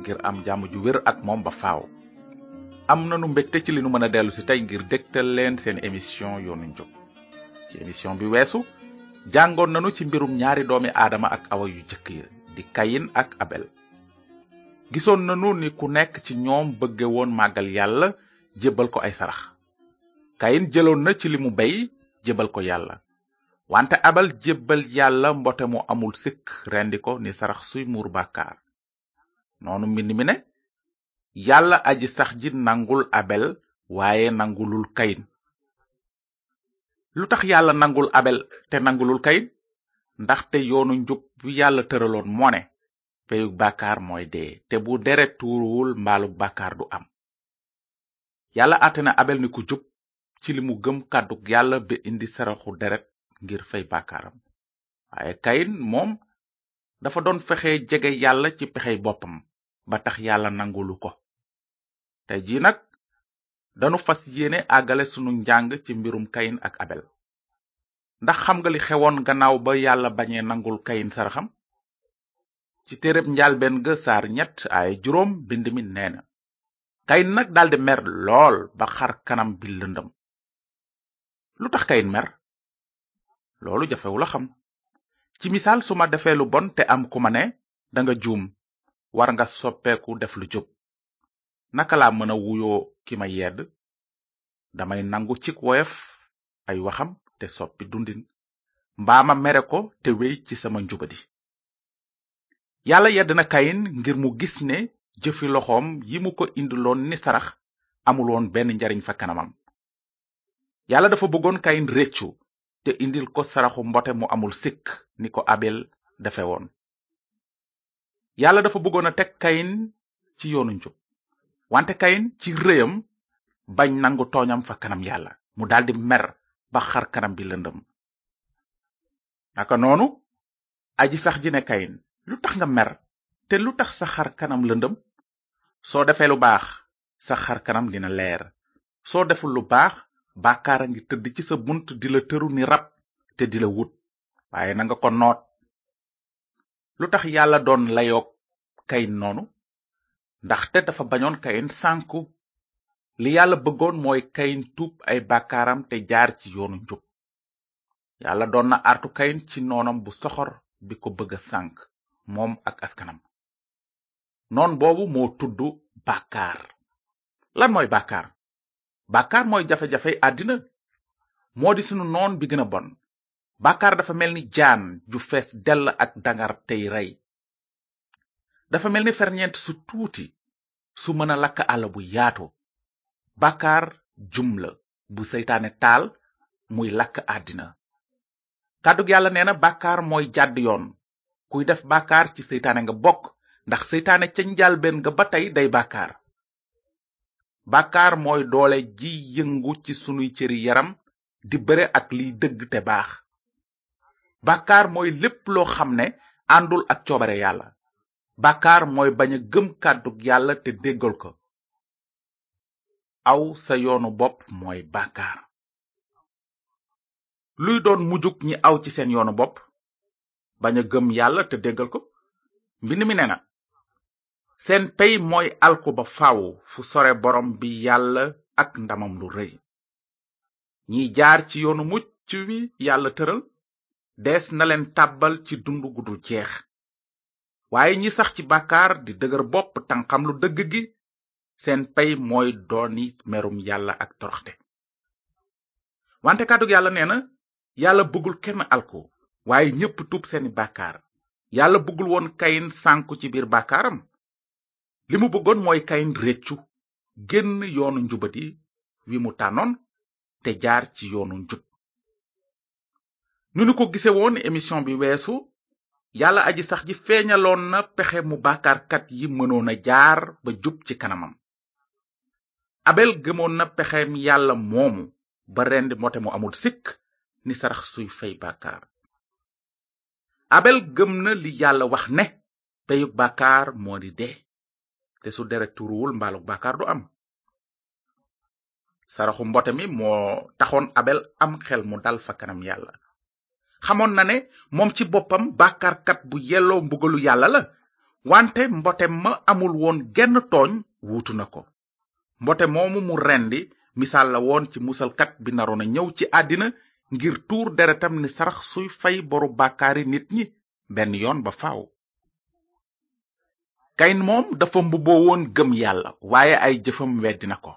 ngir am jàmm ju wér ak moom ba faaw am nanu mbégte ci li nu mën a dellu si tey ngir dégtal leen seen émission yoonu njub ci émission bi weesu jàngoon nanu ci mbirum ñaari doomi aadama ak awa yu jëkk yi di kayin ak abel gisoon nanu ni ku nekk ci ñoom bëgge woon màggal yàlla jébbal ko ay sarax kayin jëloon na ci li mu bay jébbal ko yàlla wante abel jébbal yàlla mbote mu amul sikk rendi ko ni sarax suy muur bàkkaar noonu mbind mi ne yàlla aji sax ji nangul abel waaye nangulul kayin lu tax yàlla nangul abel te nangulul kayin ndax te njub bi yàlla tëraloon moo ne peyug mooy dee te bu deret tuuruwul mbaalug bàkkaar du am yàlla àtte na abel ni ku ci limu gëm kàddug yàlla ba indi saraxu deret ngir fay bàkkaaram waaye kayin moom dafa doon fexe jege yàlla ci pexey boppam ba tax yàlla nangulu ko tey ji nag danu fas yéene àggale sunu njàng ci mbirum kayin ak abel ndax xam nga li xewoon gannaaw ba yàlla bañe nangul kayin saraxam ci téereb njaalbeen ga saar ñett ay juróom bind mi nee na kayin nag daldi mer lool ba xar kanam bi lëndëm lu tax kayin mer loolu jafewu la xam ci misaal su ma defee lu bon te am ku ma ne danga juum war nga soppeeku def lu jub naka laa mëna wuyoo ki ma yedd damay nangu cik woyof ay waxam te soppi dundin mbaa ma mere ko te wey ci sama njubadi yàlla yedd na kayin ngir mu gis ne jëfi loxoom yi mu ko indiloon ni sarax amul woon benn njariñ fa kanamam yàlla dafa bëggoon kayin réccu te indil ko saraxu mbote mu amul sikk ni ko abel defe woon yàlla dafa bëggoon a teg kayin ci yoonu njub wante kayin ci rëyam bañ nangu tooñam fa kanam yàlla mu daldi mer ba xar kanam bi lëndëm naka noonu aji sax ji ne kayin lu tax nga mer te lu tax sa xar kanam lëndëm soo defee lu baax sa xar kanam dina leer soo deful lu baax bàkkaar a ngi tëdd ci sa bunt di la tëru ni rab te di la wut waaye nanga ko noot lu tax yàlla doon layoog kayin noonu ndaxte dafa bañoon kayin sànku li yàlla bëggoon mooy kayin tuub ay bàkkaaram te jaar ci yoonu njub yàlla doon na artu kayin ci noonam bu soxor bi ko bëgg a moom ak askanam noon boobu moo tuddu bàkkaar lan mooy bàkkaar bàkkaar mooy jafe-jafey àddina moo di sunu noon bi gën a bon bàkkaar dafa mel ni jaan ju fees dell ak dangar tey rey dafa mel ni ferñeent su tuuti su mën a lakk àll bu yaatu bàkkaar jumla bu seytaane taal muy lakk àddina kàddug yàlla nee na bàkkaar mooy jàdd yoon kuy def bàkkaar ci seytaane nga bokk ndax seytaane ca njàlbeen ga ba tey day bàkkaar bàkkaar mooy doole ji yëngu ci sunuy cëri yaram di bëre ak liy dëgg te baax bàkkaar mooy lépp loo xam ne àndul ak coobare yàlla bàkkaar mooy bañ a gëm kàddug yàlla te déggal ko aw sa yoonu bopp mooy bàkkaar luy doon mujjug ñi aw ci seen yoonu bopp bañ a gëm yàlla te déggal ko mbind mi ne na seen pey mooy alku ba faaw fu sore borom bi yàlla ak ndamam lu rëy ñiy jaar ci yoonu mucc wi yàlla tëral des na leen tàbbal ci dund gu jeex waaye ñi sax ci bàkkaar di dëgër bopp tanxam lu dëgg gi seen pay mooy dooni merum yàlla ak toroxte wante kàddug yàlla nee na yàlla bëggul kenn alko waaye ñépp tuub seeni bàkkaar yàlla bëggul woon kayin sànku ci biir bàkkaaram li bëggoon mooy kayin réccu génn yoonu njubadi wi mu tànnoon te jaar ci yoonu njub nu nu ko gise woon émission bi weesu yàlla aji sax ji feeñaloon na pexe mu bàkkaarkat yi mënoon a jaar ba jub ci kanamam abel gëmoon na pexem yàlla moomu ba rendi mbote mu amul sikk ni sarax suy fey bàkkaar abel gëm na li yàlla wax ne peyug bàkkaar moo di te su deret turuwul mbaalug du am saraxu mbote mi moo taxoon abel am xel mu dal fa kanam yàlla xamoon na ne moom ci boppam bàkkaarkat bu yelloo mbugalu yàlla la wante mbote ma amul woon genn tooñ wuutu na ko mbote moomu mu rendi misaal la woon ci musalkat bi naroon a ñëw ci àddina ngir tuur deretam ni sarax suy fay boru bàkkaari nit ñi benn yoon ba faaw. kayin moom dafa mbubboo woon gëm yàlla waaye ay jëfam weddi na ko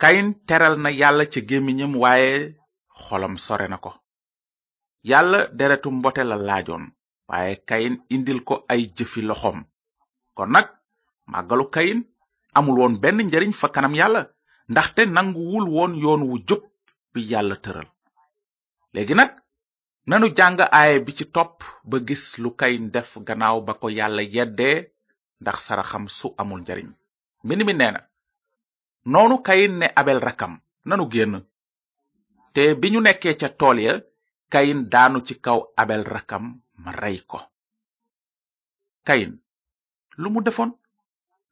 kayin teral na yàlla ca gémmiñam waaye xolam sore na ko yàlla deretu mbote la laajoon waaye kayin indil ko ay jëfi loxoom kon nag màggalu kayin amul woon benn njariñ fa kanam yàlla ndaxte nanguwul woon yoon wu jub bi yàlla tëral léegi nag nanu jàng aaye bi ci topp ba gis lu kayin def gannaaw ba ko yàlla yeddee ndax saraxam su amul njariñ mbind mi nee na noonu kayin ne abel rakam nanu génn te bi ñu nekkee ca tool ya kayin daanu ci kaw abel rakam ma rey kayin lu mu defoon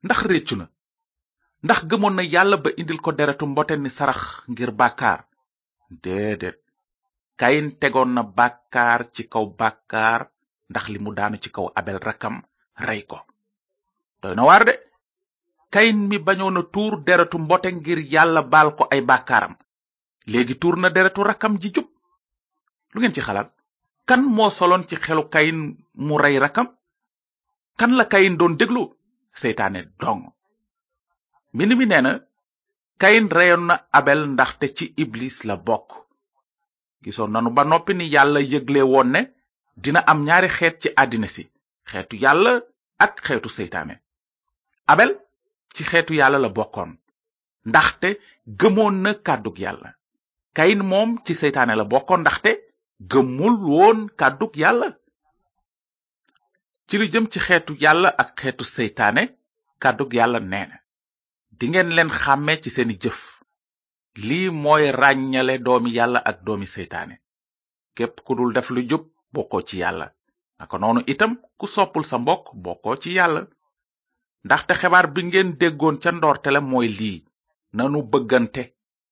ndax réccu na ndax gëmoon na yàlla ba indil ko deretu mbote ni sarax ngir bàkkaar déedéet kayin tegoon na bàkkaar ci kaw bàkkaar ndax li mu daanu ci kaw abel rakam rey ko doy na waar de kayin mi bañoon a tuur deretu mbote ngir yàlla baal ko ay bàkkaaram léegi tuur na deretu rakam ji lu ngeen ci xalaat kan moo soloon ci xelu kayin mu rey rakam kan la kayin doon déglu seytaane dong mbind mi nee na kayin reyoon na abel ndaxte ci iblis la bokk gisoon nanu ba noppi ni yàlla yëgle woon ne dina am ñaari xeet ci àddina si xeetu yàlla ak xeetu seytaane abel ci xeetu yàlla la bokkoon ndaxte gëmoon na kàddug yàlla kayin moom ci seytaane la bokkoon ndaxte gëmul woon kàddug yàlla ci li jëm ci xeetu yàlla ak xeetu seytaane kàddug yàlla nee na dingeen leen xàmmee ci seeni jëf lii mooy ràññale doomi yàlla ak doomi seytaane képp ku dul def lu jub bokkoo ci yàlla naka noonu itam ku soppul sa ci yàlla ndaxte xebaar bi ngeen déggoon ca ndoortele mooy lii nanu bëggante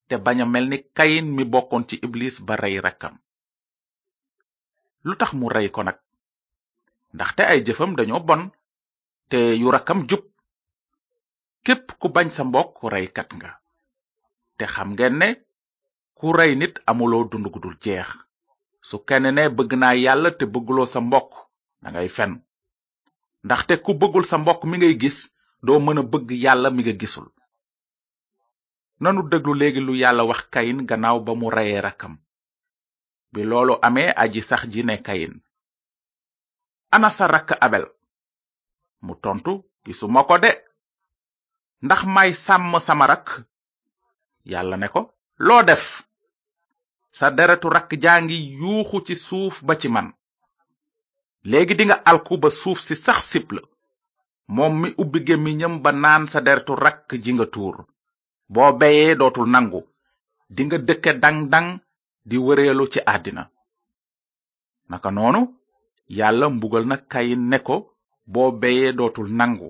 te bañ a mel ni kayin mi bokkoon ci iblis ba rey rakkam lu tax mu rey ko nag ndaxte ay jëfam dañoo bon te yu rakkam jub képp ku bañ sa mbokk reykat nga te xam ngeen ne ku rey nit amuloo dund gu dul jeex su kenn ne bëgg naa yàlla te bëgguloo sa mbokk dangay fen ndaxte ku bëggul sa mbokk mi ngay gis doo mën a bëgg yàlla mi nga gisul nanu déglu léegi lu yàlla wax kayin gannaaw ba mu reyee rakkam bi loolu amee aji sax ji ne kayin ana sa rakk abel mu tontu gisuma ko de ndax may sàmm sama rakk yàlla ne ko loo def sa deretu rakk jaa ngi yuuxu ci suuf ba ci man léegi dinga alku ba suuf si sax sip moom mi ubbi gémmiñam ba naan sa deretu rakk ji nga tuur boo beyee dootul nangu dinga dëkke dang dang di wëreelu ci àddina naka noonu yàlla mbugal na kayin ne ko boo beyee dootul nangu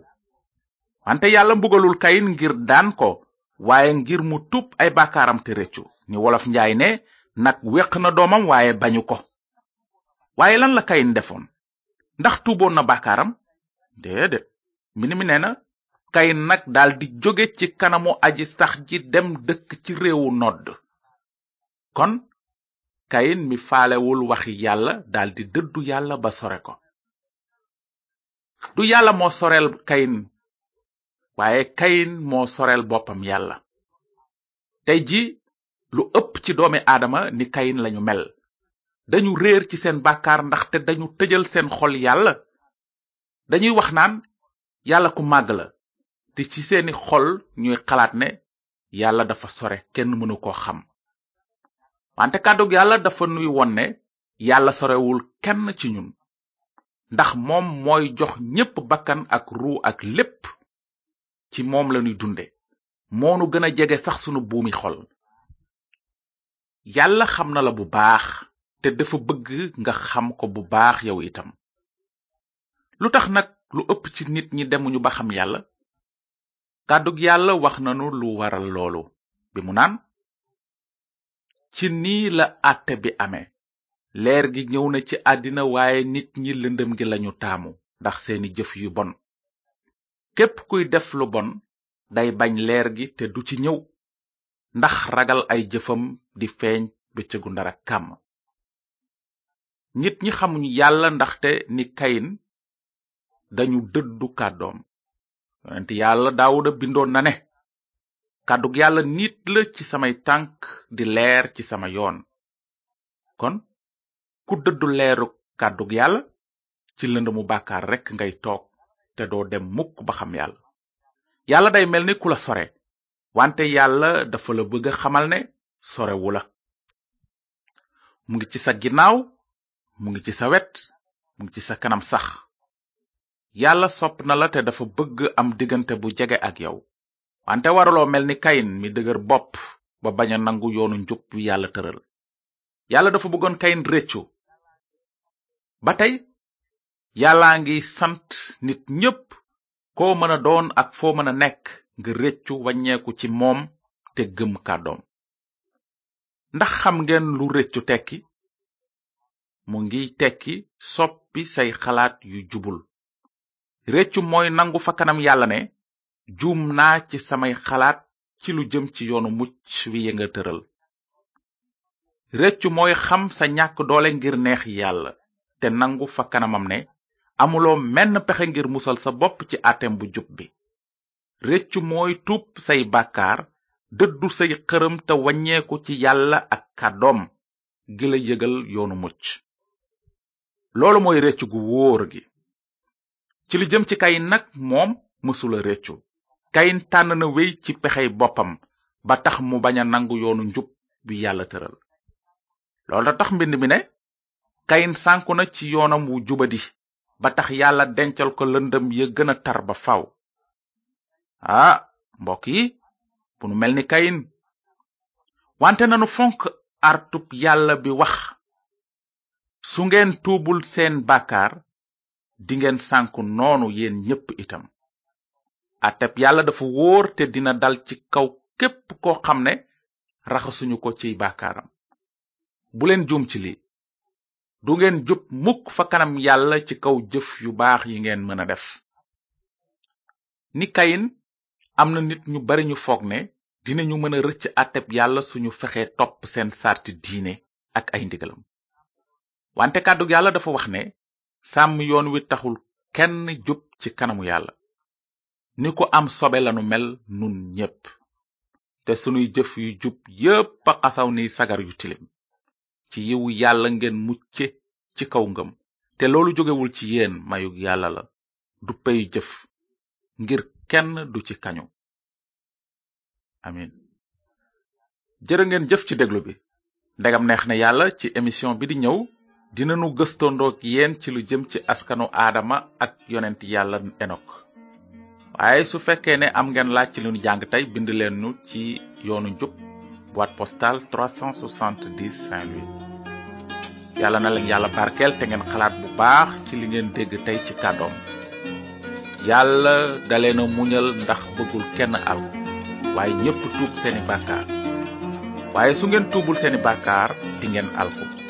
wante yàlla mbugalul kayin ngir daan ko waaye ngir mu tub ay bàkkaaram te rëccu ni wolof njaay ne nag weq na doomam waaye bañu ko waaye lan la kayin defoon ndax tuuboon na bàkkaaram déedéet mbind mi nee na kayin nag daldi joge ci kanamu aji sax ji dem dëkk ci réewu nodd kon kayin mi falewul waxi yàlla daldi dëddu yàlla ba sore ko du yàlla moo soreel kayin waaye kayin moo soreel boppam yàlla tey ji lu ëpp ci doomi aadama ni kayin lañu mel dañu réer ci seen bàkkaar ndaxte dañu tëjal seen xol yàlla dañuy wax naan yàlla ku màgg la te ci seeni xol ñuy xalaat ne yàlla dafa sore kenn mënu ko xam wante kàddug yàlla dafa nuy won ne yàlla sorewul kenn ci ñun ndax moom mooy jox ñépp bakkan ak ruu ak lépp ci moom lañuy dunde moonu gën a jege sax sunu buumi xol yàlla xam na la bu baax te dafa bëgg nga xam ko bu baax yow itam lu tax nag lu ëpp ci nit ñi demuñu ba xam yàlla kàddug yàlla wax nanu lu waral loolu bi naan ci nii la àtte bi ame leer gi ñëw na ci àddina waaye nit ñi lëndëm gi lañu taamu ndax seeni jëf yu bon képp kuy def lu bon day bañ leer gi te du ci ñëw ndax ragal ay jëfam di feeñ bëccëgu ndara kàmm nit ñi xamuñu yàlla ndaxte ni kayin dañu dëddu kàddoom yonent yàlla daawuda bindoon na ne kàddug yàlla nit la ci samay tànk di leer ci sama yoon kon ku dëddu leeru kàddug yàlla ci lënd mu bàkkaar rekk ngay toog te doo dem mukk ba xam yàlla yàlla day mel ni ku la sore wante yàlla dafa la bëgg xamal ne sorewu la mu ngi ci sa ginnaaw mu ngi ci sa wet mu ngi ci sa kanam sax yàlla sopp na la te dafa bëgg am diggante bu jege ak yow wante waraloo mel ni kayin mi dëgër bopp ba bañ a nangu yoonu njub wi yàlla tëral yàlla dafa bëggoon kayin réccu ba tey yàllaa ngi sant nit ñépp koo mën a doon ak foo mën a nekk nga rëccu wàññeeku ci moom te gëm kàddoom ndax xam ngeen lu réccu tekki mu ngi tekki soppi say xalaat yu jubul rëccu mooy nangu fa kanam yàlla ne juum naa ci samay xalaat ci lu jëm ci yoonu mucc wi nga tëral rëccu mooy xam sa ñàkk doole ngir neex yàlla te nangu fa kanamam ne amuloo menn pexe ngir musal sa bopp ci atem bu jub bi rëccu mooy tuub say bàkkaar dëddu say xërëm te wàññeeku ci yàlla ak kàddoom gi la yëgal yoonu mucc loolu mooy rëccu gu wóor gi ci lu jëm ci kay nag moom mësula rëccu kayin tànn na wéy ci pexey boppam ba tax mu bañ a nangu yoonu njub bi yàlla tëral loolu tax mbind mi ne kayin sànku na ci yoonam wu jubadi ba tax yàlla dencal ko lëndëm ya gën a tar ba faw ah mbokk yi bu nu mel ni kayin wante nanu fonk artub yàlla bi wax su ngeen tuubul seen bàkkaar dingeen sànku noonu yéen ñépp itam ateb yàlla dafa wóor te dina dal ci kaw képp koo xam ne raxasuñu ko ci baakaaram bu leen juum ci li du ngeen jub mukk fa kanam yàlla ci kaw jëf yu baax yi ngeen mën a def ni kayin am na nit ñu bari ñu foog ne ñu mën a rëcc àtteb yàlla suñu fexe topp seen sarti diine ak ay ndigalam wante kàddug yàlla dafa wax sàmm yoon wi taxul kenn jub ci kanamu yàlla ni ku am sobe lanu mel nun ñépp te sunuy jëf yu jub yépp xasaw ni sagar yu tilim ci yiwu yàlla ngeen mucce ci kaw ngëm te loolu jógewul ci yéen mayug yàlla la du pay jëf ngir kenn du ci kañu amin jërë ngeen jëf ci déglu bi ndegam neex na yàlla ci émission bi di ñëw dinanu gëstondoog yéen ci lu jëm ci askanu aadama ak yonent yàlla enok waaye su fekkee ne am ngeen laaj ci lu ñu jàng tey bind leen nu ci yoonu njub boîte postale 370 Saint-Louis yàlla na leen yàlla barkeel te ngeen xalaat bu baax ci li ngeen dégg tey ci kàddoom yàlla dalee na muñal ndax bëggul kenn al waaye ñépp tuub seeni bàkkaar waaye su ngeen tuubul seeni bàkkaar di ngeen alku